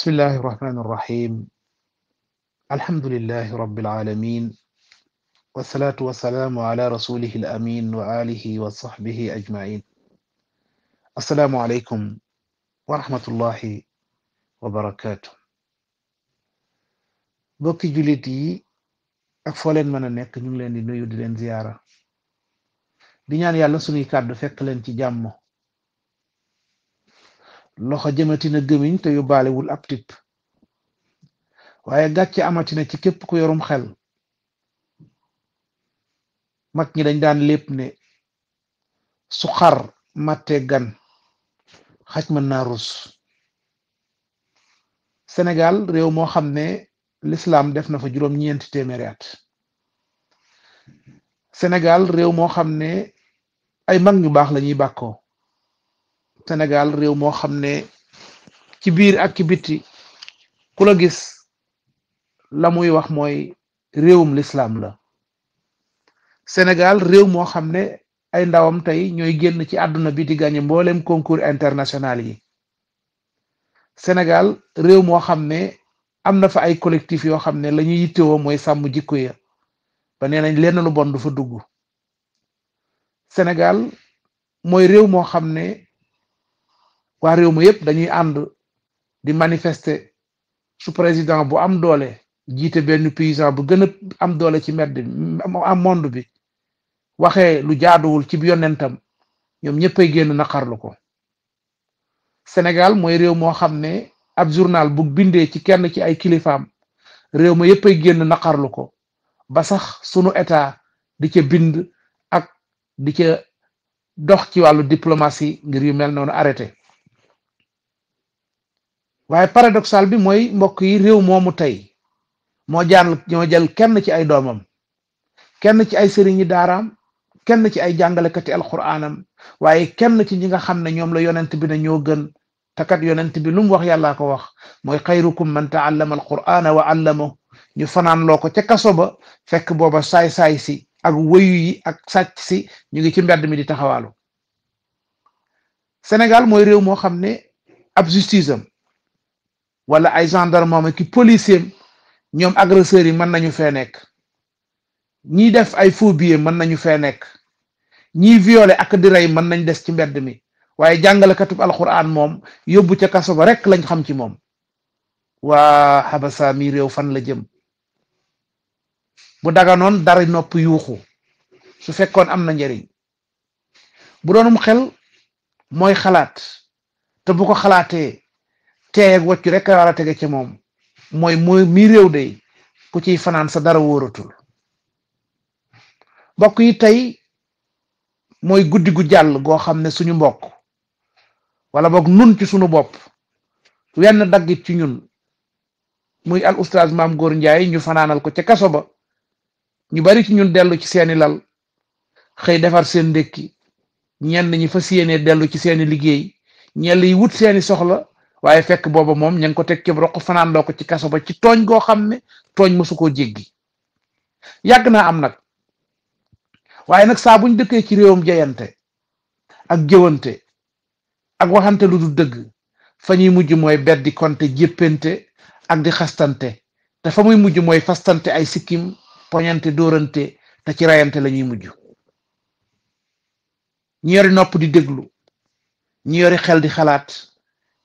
بسم الله الرحمن الرحيم الحمد لله رب العالمين والصلاة والسلام على رسوله الأمين وآله وصحبه أجمعين السلام عليكم ورحمة الله وبركاته بوكي jullit yi من foo leen mën a nekk ñu ngi leen di nuyu di leen ziyaara loxo jëmatina gëmiñ te yóbbaalewul ab tipp waaye gàcce amatina ci képp ku yorum xel mag ñi dañ daan lépp ne su xar màtte gan xaj mën naa rus Sénégal réew moo xam ne lislaam def na fa juróom ñeenti téeméeri Sénégal réew moo xam ne ay mag ñu baax la ñuy bàkkoo Sénégal réew moo xam ne ci biir ak ci bitti ku la gis la muy wax mooy réewum lislaam la Sénégal réew moo xam ne ay ndawam tey ñooy génn ci àdduna bi di gagné mbooleem concours international yi Sénégal réew moo xam ne am na fa ay collectif yoo xam ne la ñuy yittewoo mooy sàmm jikko ya ba nee nañ lenn bon du fa dugg Sénégal mooy réew moo xam ne waa réew ma yépp dañuy ànd di manifester su président bu am doole jiite benn paysan bu gën a am doole ci medd am monde bi waxee lu jaaduwul ci yonentam ñoom ñëppay génn naqarlu ko Sénégal mooy réew moo xam ne ab journal bu bindee ci kenn ci ay kilifaam réew ma yëppay génn naqarlu ko ba sax sunu état di ca bind ak di ca dox ci wàllu diplomatie ngir yu mel noonu arrêté waye paradoxal bi moy mbokk yi rew momu tay mo jaan ñoo jël kenn ci ay domam kenn ci ay serigne daram kenn ci ay kat alquranam waye kenn ci ñi nga xamne ñom la yonent bi na ñoo gën takat yonent bi lu mu wax yalla ko wax moy xayrukum man taallama alquran wa allamahu ñu fanan loko ci kasso ba fekk boba say say si ak wëyu yi ak sàcc si ñu ngi ci mbedd mi di taxawalu Sénégal moy rew mo xamne ab justiceam wala ay gendarme ki policier ñoom agresseurs yi mën nañu fee nekk ñiy def ay faux billets mën nañu fee nekk ñiy violer ak di rey mën nañ des ci mbedd mi waaye jàngalekatub alquran moom yóbbu ca kaso ba rek lañ xam ci moom waa xabasa mi réew fan la jëm bu daganoon dari nopp yuuxu su fekkoon am na njariñ bu doonum xel mooy xalaat te bu ko xalaatee teeg waccu rek a war a tege ci moom mooy mooy mi réew day ku ciy fanaan sa dara wóoratul mbokk yi tey mooy guddi gu jàll goo xam ne suñu mbokk wala boog nun ci suñu bopp wenn daggit ci ñun muy al oustaz maam góor njaay ñu fanaanal ko ca kaso ba ñu bari ci ñun dellu ci seeni lal xëy defar seen ndékki ñenn ñi fas yéene dellu ci seeni liggéey ñenn yi wut seeni soxla waaye fekk booba moom ña ngi ko teg ci roq fanaan loo ko ci kaso ba ci tooñ goo xam ne tooñ mosu koo jéggi yàgg naa am nag waaye nag saa buñ dëkkee ci réewam jayante ak jëwante ak waxante lu du dëgg fa ñuy mujj mooy ber di konte jéppante ak di xastante te fa muy mujj mooy fastante ay sikkim poñante dóorante te ci rayante lañuy mujj ñi yori nopp di déglu ñu yori xel di xalaat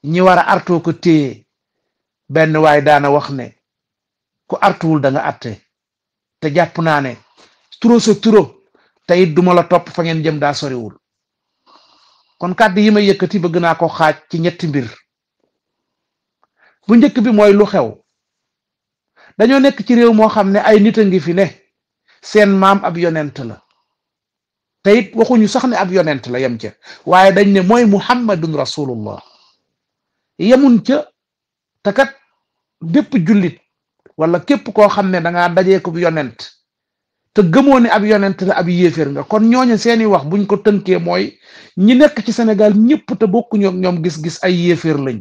ñi war a artoo ko téye benn waay daana wax ne ku artuwul da nga atte te jàpp naa ne turo sa turo te duma la topp fa ngeen jëm daa soriwul kon kàddu yi may yëkkati bëgg naa ko xaaj ci ñetti mbir bu njëkk bi mooy lu xew dañoo nekk ci réew moo xam ne ay nit a ngi fi ne seen maam ab yonent la te it waxuñu sax ne ab yonent la yem ca waaye dañ ne mooy muhammadun rasulullah yamun ca te kat bépp jullit wala képp koo xam ne da ngaa dajeekub yonent te gëmoo ne ab yonent la ab yéeféer nga kon ñooñu seeni wax buñ ko tënkee mooy ñi nekk ci Sénégal te bokku ñoom gis-gis ay yéeféer lañ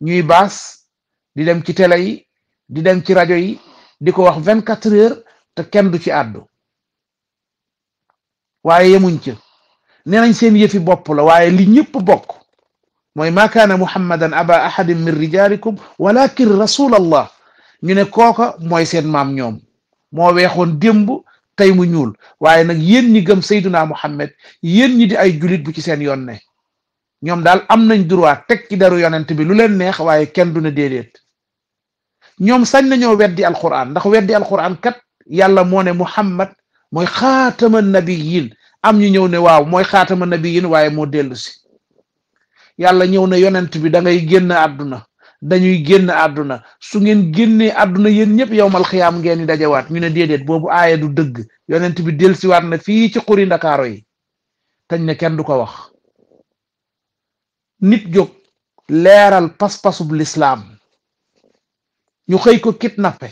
ñuy baas di dem ci télé yi di dem ci rajo yi di ko wax 24 heures te kenn du ci àddu waaye yemuñ ca nenañ seen yëfi bopp la waaye li ñëpp bokk mooy maa kaana muhammadan aba ahadin min rijalikum walakin rasulallah ñu ne kooka mooy seen maam ñoom moo weexoon démb tey mu ñuul waaye nag yéen ñi gëm sayduna muhammad yéen ñi di ay julit bu ci seen yoon ne ñoom daal am nañ droit teg ci daru yonent bi lu leen neex waaye kenn du ne déedéet ñoom sañ nañoo weddi alquran ndax weddi alquran kat yàlla moo ne muhammad mooy xaatama nabiyin am ñu ñëw ne waaw mooy xaatama nabiyin waaye moo dellu si yàlla ñëw na yonent bi da ngay génn àdduna dañuy génn àdduna su ngeen génnee àdduna yéen ñëpp yowmal xiyaam ngeen di dajewaat ñu ne déedéet boobu aaya du dëgg yonent bi delsiwaat na fii ci xuri ndakaaro yi tañ ne kenn du ko wax nit jóg leeral pas-pasub lislaam ñu xëy ko nappe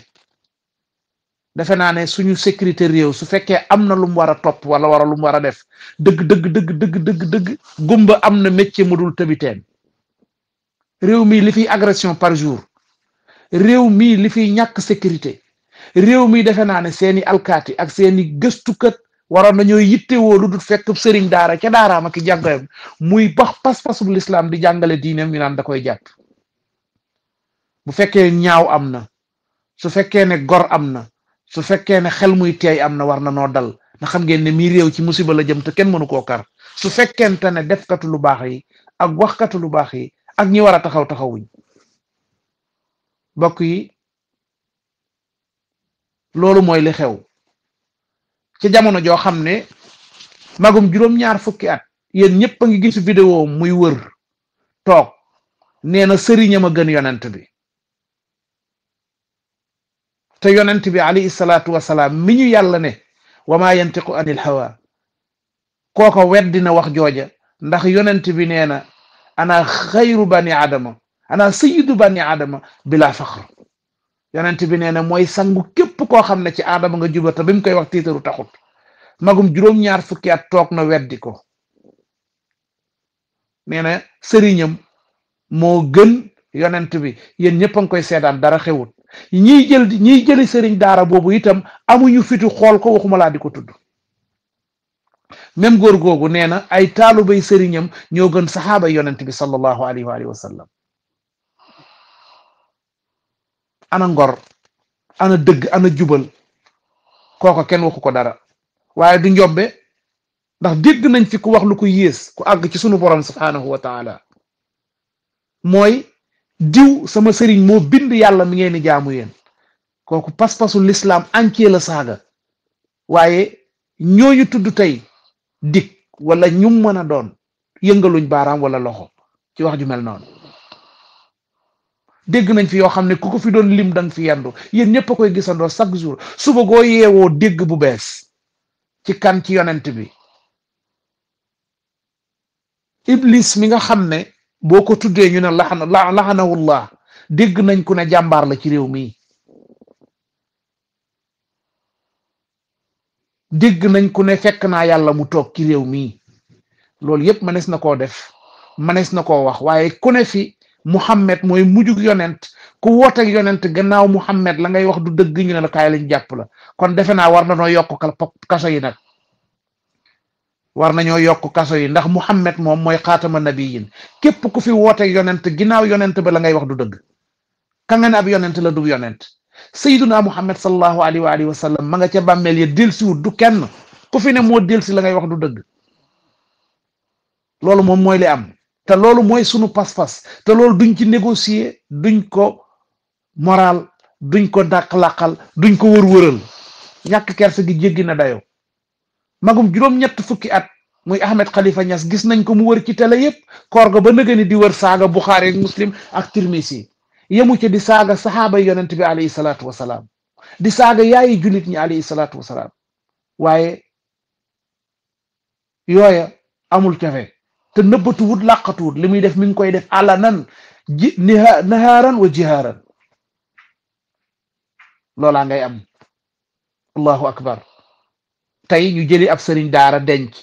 defe naa ne suñu sécurité réew su fekkee am na lu mu war a topp wala wara lu mu war a def dëgg dëgg dëgg dëgg dëgg gumba am na métier mu dul tëbiteen réew mii li fiy agression par jour réew mii li fi ñàkk sécurité réew mii defe naa ne seeni alkaati ak seeni gëstukat waroon nañoo yittewoo lu dul fekk sëriñ daara ca daaraam ak jàngayam muy bax pas-pasub lislaam di jàngale diineem ñu naan da koy jàpp bu fekkee ñaaw am na su fekkee ne gor am na su fekkee ne xel muy teey am na war na noo dal na xam ngeen ne mii réew ci musiba la jëm te kenn mënu koo kar su fekkente ne defkatu lu baax yi ak waxkatu lu baax yi ak ñi war a taxaw taxawuñ bokk yi loolu mooy li xew ci jamono joo xam ne magum juróom-ñaar fukki at yéen ñëpp ngi gis vidéo muy wër toog nee na sëriñam a gën yonent bi te yonent bi alayhi salatu wasalaam mi ñu yàlla ne wa yantiqu anil hawa kooko weddina wax jooja ndax yonent bi nee na ana xayru bani adama ana sayidu bani adama bila faqr yonent bi nee na mooy sangu képp koo xam ne ci aadama nga jubata bi mu koy wax tiitaru taxut magum juróom-ñaar fukki at toog na weddi ko nee na sëriñam moo gën yonent bi yéen ñëpp a koy dara xewut ñi jël ñiy jëli sëriñ daara boobu itam amuñu fitu xool ko waxuma laa di ko tudd même góor googu nee na ay bay sëriñam ñoo gën saxaaba yonent bi sallallahu alayhi wa alihi wa sallam ana ngor ana dëgg ana jubal kooko kenn waxu ko dara waaye du njombe ndax dégg nañ fi wax lu ko yées ku àgg ci sunu borom subhaanahu wa mooy diw sama sëriñ moo bind yàlla mi ngeen di jaamu yéen kooku pas-pasu lislaam anke la saaga waaye ñu tudd tey dikk walla ñu mën a doon yëngaluñ baraam wala loxo ci wax ju mel noonu dégg nañ fi yoo xam ne ku ko fi doon lim dang fi yendu yéen ñëpp koy gisandoo chaque jour suba goo yeewoo dégg bu bees ci kan ci yonent bi iblis mi nga xam ne boo ko tuddee ñu ne laxana laxanawullah dégg nañ ku ne jàmbaar la ci réew mi dégg nañ ku ne fekk naa yàlla mu toog ci réew mi loolu yépp manees na koo def manees na koo wax waaye ku ne fi Muhammad mooy mujjug yonent ku wooteeg yonent gannaaw Muhammad la ngay wax du dëgg ñu ne la kaay lañ jàpp la kon defe naa war na noo yokk kaso yi nag war nañu yok kasso yi ndax muhammad mom moy xaatama nabiyyin kep ku fi wote yonent ginaaw yonent ba la ngay wax du deug ka nga ne ab yonent la du yonent sayyiduna muhammad sallahu alaihi wa alihi wasallam ma nga ca bammel ye ya delsi wu du kenn ku fi ne mo delsi la ngay wax du deug lolu mom moy li am te lolu moy sunu pas-pas te lolu duñ ci négocier duñ ko moral duñ ko dak laqal duñ ko wër wëral ñak kersa gi dayo magum juróom ñett fukki at muy ahmed khalifa ñas gis nañ ko mu wër ci télé yépp koor ga ba ni di wër saaga bukhari ak muslim ak tirmisi yemu ci di saaga sahaba yonent bi alayhi salatu wasalaam di saaga yaayi julit ñi alayhi salatu wasalaam waaye yooya amul cafe te nëbbatuwut làqatuwut li muy def mi koy def alanan nan naharan wa lo loola ngay am allahu akbar tey ñu jëli ab sëriñ daara denc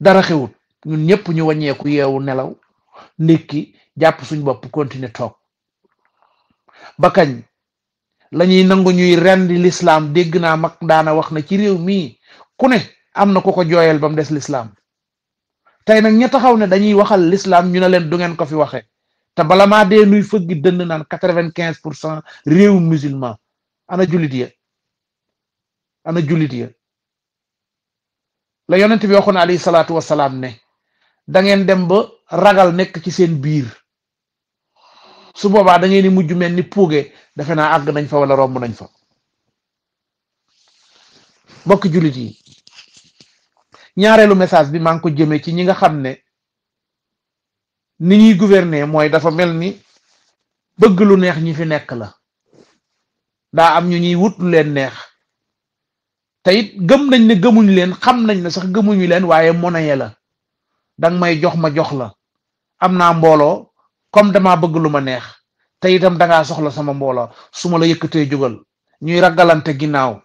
dara xewut ñun ñëpp ñu wàññeeku yeewu nelaw ndékki jàpp suñ bopp continuer toog ba kañ lañuy nangu ñuy rendi lislaam dégg naa mag daana wax na ci réew mii ku ne am na ko ko jooyal ba des lislaam tey nag ñetta xaw ne dañuy waxal lislaam ñu ne leen du ngeen ko fi waxe te bala maa dee nuy fëggi dënd naan quatre-vingt-quinze pour cent réew musulman ana jullit ya ana julit ya la yonent bi waxuna alayhi salatu wassalam ne da ngeen dem ba ragal nekk ci seen biir su boba da ngeen ni mujj melni ni dafa na ag nañ fa wala romb nañ fa mbokk julit yi ñaarelu message bi maa ngi ko jëme ci ñi nga xam ne ni ñuy gouverner mooy dafa mel ni bëgg lu neex ñi fi nekk la daa am ñu ñuy wut lu leen neex te it gëm nañ ne gëmuñ leen xam nañ ne sax gëmuñu leen waaye monnaie la danga may jox ma jox la am naa mbooloo comme damaa bëgg lu ma neex te itam dangaa soxla sama mbooloo su ma la yëkkatee jógal ñuy ragalante ginnaaw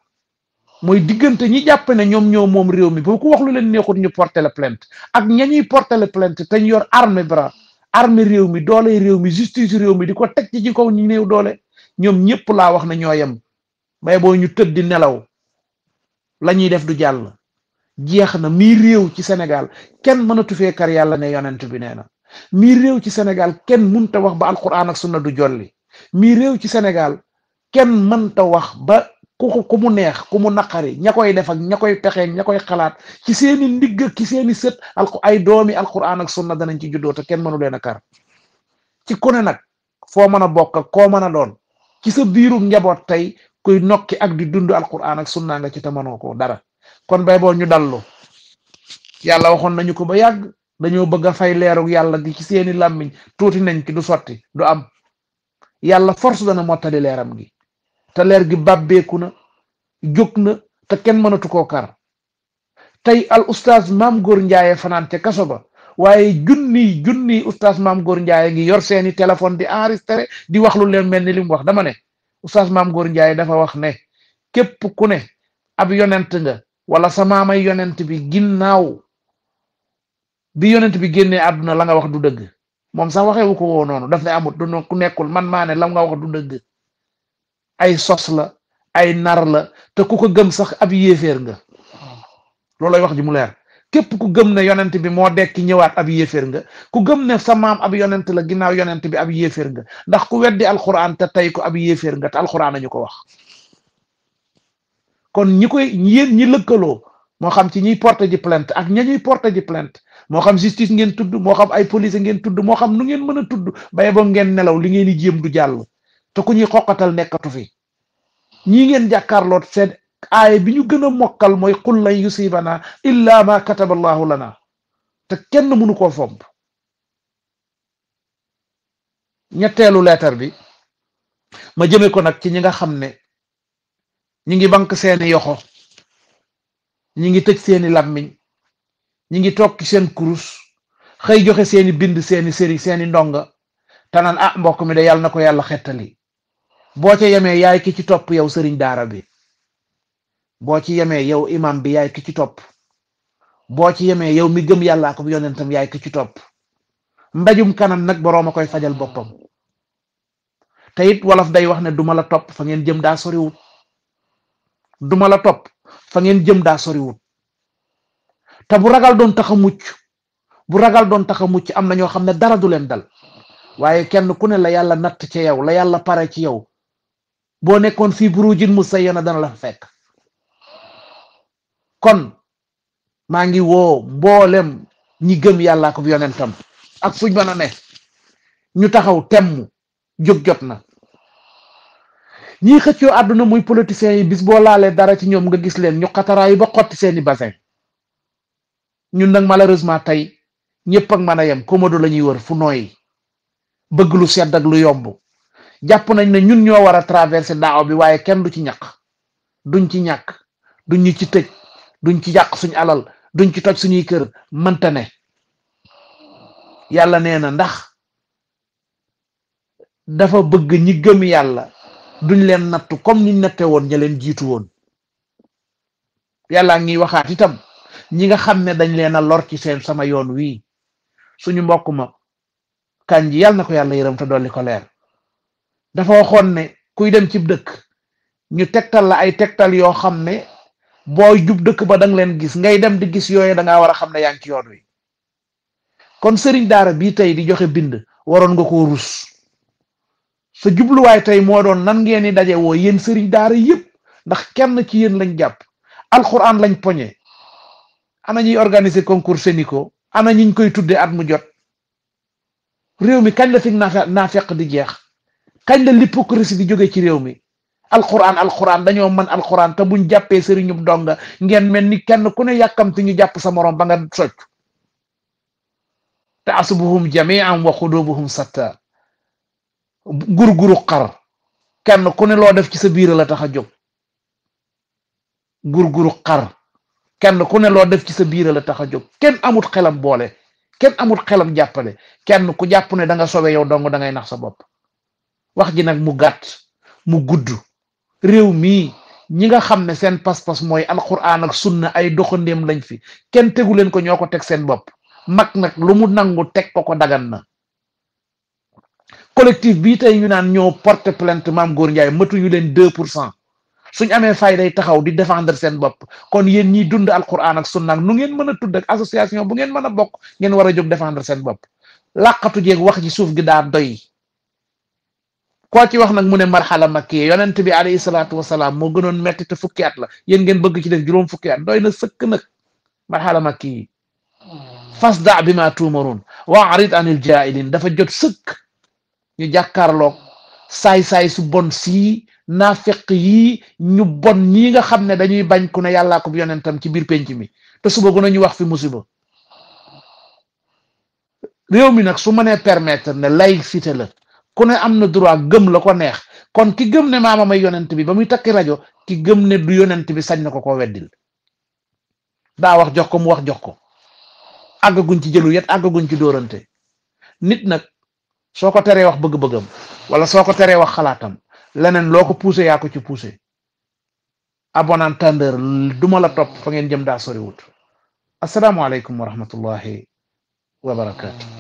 mooy diggante ñi jàpp ne ñoom ñoo moom réew mi boo ko wax lu leen neexut ñu portele la plainte ak ña ñuy porter la plainte te ñu yor armée bras armée réew mi doole réew mi justice réew mi di ko teg ci ci kaw ñu néew doole ñoom ñëpp laa wax na ñoo yem bay boo ñu tëdd di nelaw la ñuy def du jàll jeex na mii réew ci Sénégal kenn mënatu fee kar yàlla ne yonent bi nee na mii réew ci Sénégal kenn mënta wax ba alquran ak sunna du jolli mii réew ci Sénégal kenn mënta wax ba ku mu neex ku mu naqari ña koy def ak ña koy pexee ña koy xalaat ci seeni ndigg ki seeni sët al ay doomi alquran ak sunna danañ ci juddoo te kenn mënu leen a kar ci ku ne nag foo mën a bokk koo mën a doon ci sa njaboot tey kuy nokki ak di dund alquran ak sunna nga ci te mënoo ko dara kon bay boo ñu dallu yàlla waxoon nañu ko ba yàgg dañoo bëgg a fay leerug yàlla gi ci seeni làmmiñ tuuti nañ ki du sotti du am yàlla force dana mottali leeram gi te leer gi bàbbeeku na jóg na te kenn mënatu ko kar tey al ustaas maam góor njaaye fanaan ca kaso ba waaye junniy junniy ustaas maam góor njaaye ngi yor seeni téléphone di enregistré di wax lu leen mel ni li mu wax dama ne oustaz maam góor njaay dafa wax ne képp ku ne ab yonent nga wala sa ay yonent bi ginnaaw bi yonent bi génnee àdduna la nga wax du dëgg moom sax waxewu ko woo noonu daf ne amut du ku nekkul man maa ne la nga wax du dëgg ay sos la ay nar la te ku ko gëm sax ab yéeféer nga ah. loolay wax ji mu leer képp ku gëm ne yonent bi moo dekk ñëwaat ab yéeféer nga ku gëm ne sa maam ab yonent la ginnaaw yonent bi ab yéeféer nga ndax ku weddi alquran te tey ko ab yéeféer nga te alquran ñu ko wax kon ñi koy yéen ñi lëkkaloo moo xam ci ñiy porté ji plainte ak ña ñuy porté ji plainte moo xam justice ngeen tudd moo xam ay police ngeen tudd moo xam nu ngeen mën a tudd baye bo ngeen nelaw li ngeen di jéem du jàll te ku ñuy xoqatal nekkatu fi ñi ngeen jàkkaarloot seen aaya bi ñu gën a mokkal mooy qul lan yusibana illa ma kataba allahu lana te kenn mënu koo fomb ñetteelu leetar bi ma jëme ko nag ci ñi nga xam ne ñi ngi bank seeni yoxo ñi ngi tëj seeni làmmiñ ñi ngi toog ci seen kurus xëy joxe seeni bind seeni sëri seeni ndonga te a ah, mbokk mi de yàlla na ko yàlla xettali boo ca yemee yaay ki ci topp yow sëriñ daara bi boo ci yemee yow imam bi yaay ki ci topp boo ci yemee yow mi gëm yàllaa ko yonentam yaay ki ci topp mbajum kanam nag boroom a koy fajal boppam te it wolof day wax ne duma la topp fa ngeen jëm daa soriwut duma la topp fa ngeen jëm daa soriwut te bu ragal doon tax a mucc bu ragal doon tax a mucc am na ñoo xam ne dara du leen dal waaye kenn ku ne la yàlla natt ci yow la yàlla pare ci yow boo nekkoon fii mu burujin musayyana dana la fa fekk kon maa ngi woo mboolem ñi gëm yàlla ko yonentam ak fuñ mën a ne ñu taxaw temm jot jot na ñiy xëccoo àdduna muy politiciens yi bis boo laalee dara ci ñoom nga gis leen ñu xataraayu ba xotti seeni bassin ñun nag maleureusement tey ñëpp ak mën a yem komodo la ñuy wër fu nooy bëgg lu sedd ak lu yombu jàpp nañ ne ñun ñoo war a traverser daaw bi waaye kenn du ci ñàkk duñ ci ñàkk ñu ci tëj duñ ci yàq suñu alal duñ ci toj suñuy kër mënta ne yàlla nee na ndax dafa bëgg ñi gëm yàlla duñ leen nattu comme niñ natte woon ña leen jiitu woon yàlla ngi waxaat itam ñi nga xam ne dañ leen a lor ci seen sama yoon wii suñu mbokk ma kan ji yàlla na ko yàlla yërëm te dolli ko leer dafa waxoon ne kuy dem ci dëkk ñu tegtal la ay tegtal yoo xam ne boo jub dëkk ba da leen gis ngay dem di gis yooyu da ngaa war a xam ne yaa yoon wi kon sëriñ daara bii tey di joxe bind waroon nga ko rus sa jubluwaay tey moo doon nan ngeen di daje woo yéen sëriñ daara yëpp ndax kenn ci yéen lañ jàpp alxuraan lañ poñe ana ñuy organiser concours Senico ana ñiñ koy tuddee at mu jot réew mi kañ la fi naafeq di jeex kañ la l'hypocrisie di jóge ci réew mi alquran alquran dañoo man alquran te buñ jàppee sëriñub donga ngeen mel ni kenn ku ne yàkkamti ñu jàpp sa morom ba nga socc te asubuhum jamian wa xudubuhum satta guru xar kenn ku ne loo def ci sa biir la tax a jóg gurguru xar kenn ku ne loo def ci sa biir la tax a jóg kenn amut xelam boole kenn amut xelam jàppale kenn ku jàpp ne da nga sobe yow dong da ngay nax sa bopp wax ji nag mu gàtt mu gudd réew mii ñi nga xam ne seen pas-pas mooy alquran ak sunna ay doxandeem lañ fi kenn tegu leen ko ñoo ko teg seen bopp mag nag lu mu nangu teg ko ko dagan na collectif bii tey ñu naan ñoo porte plainte maam góor njaay matuñu leen deux pour cent suñ amee fay day taxaw di défendre seen bopp kon yen ñiy dund al alquran ak sunna nu ngeen mën a tudd ak association bu ngeen mën a bokk ngeen war a jóg défendre seen bopp làqatu jeeg wax ji suuf gi daan doy koo ci wax nag mu ne marxala makkiye yonent bi alayhi salaatu wasalaam moo gënoon metti te fukki at la yéen ngeen bëgg ci def juróom fukki doy na sëkk nag marxala makkiyi fasda bi ma tuumaroon wa arid anil jaahiliin dafa jot sëkk ñu jàkkaarloog saay-saay su bon si naafeq yi ñu bon ñii nga xam ne dañuy bañ ku ne yàllaa ko yonentam ci biir penc mi te suba gën a wax fi musiba réew mi nag su ma nee permettre ne laïcité la ku ne am droit gem la neex kon ki gem ne mama may yonent bi bamuy takki radio ki gem ne du yonent bi sañ nako ko weddil da wax jox ko mu wax jox ko àggaguñ ci jëlu yet àggaguñ ci dorante nit nak soko téré wax bëgg-bëggam wala soko téré wax xalaatam lenen loko poussé ko ci poussé abonan entendeur duma la top fa ngeen jëm wut assalamu alaykum wa rahmatullahi wa barakatuh